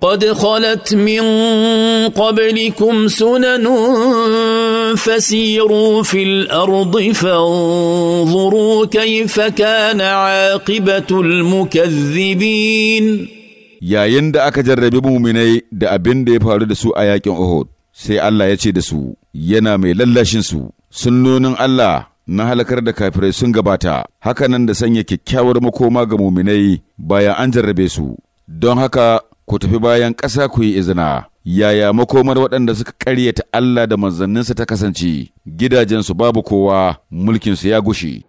قد خلت من قبلكم سنن فسيروا في الارض فانظروا كيف كان عاقبه المكذبين يا يند اكا جربي مؤمني دا ابين دي فارو دسو اياكين اوهود سي الله يتي دسو ينا مي للاشين سو سنونن الله نا هلكر دا كافري سن غباتا هكا نان دا سانيا مكوما غمومني بايا انجربي سو دون هكا ku tafi bayan ƙasa ku yi izina. Yaya makomar waɗanda suka ƙaryata Allah da manzanninsa ta kasance, gidajensu babu kowa, mulkinsu ya gushi.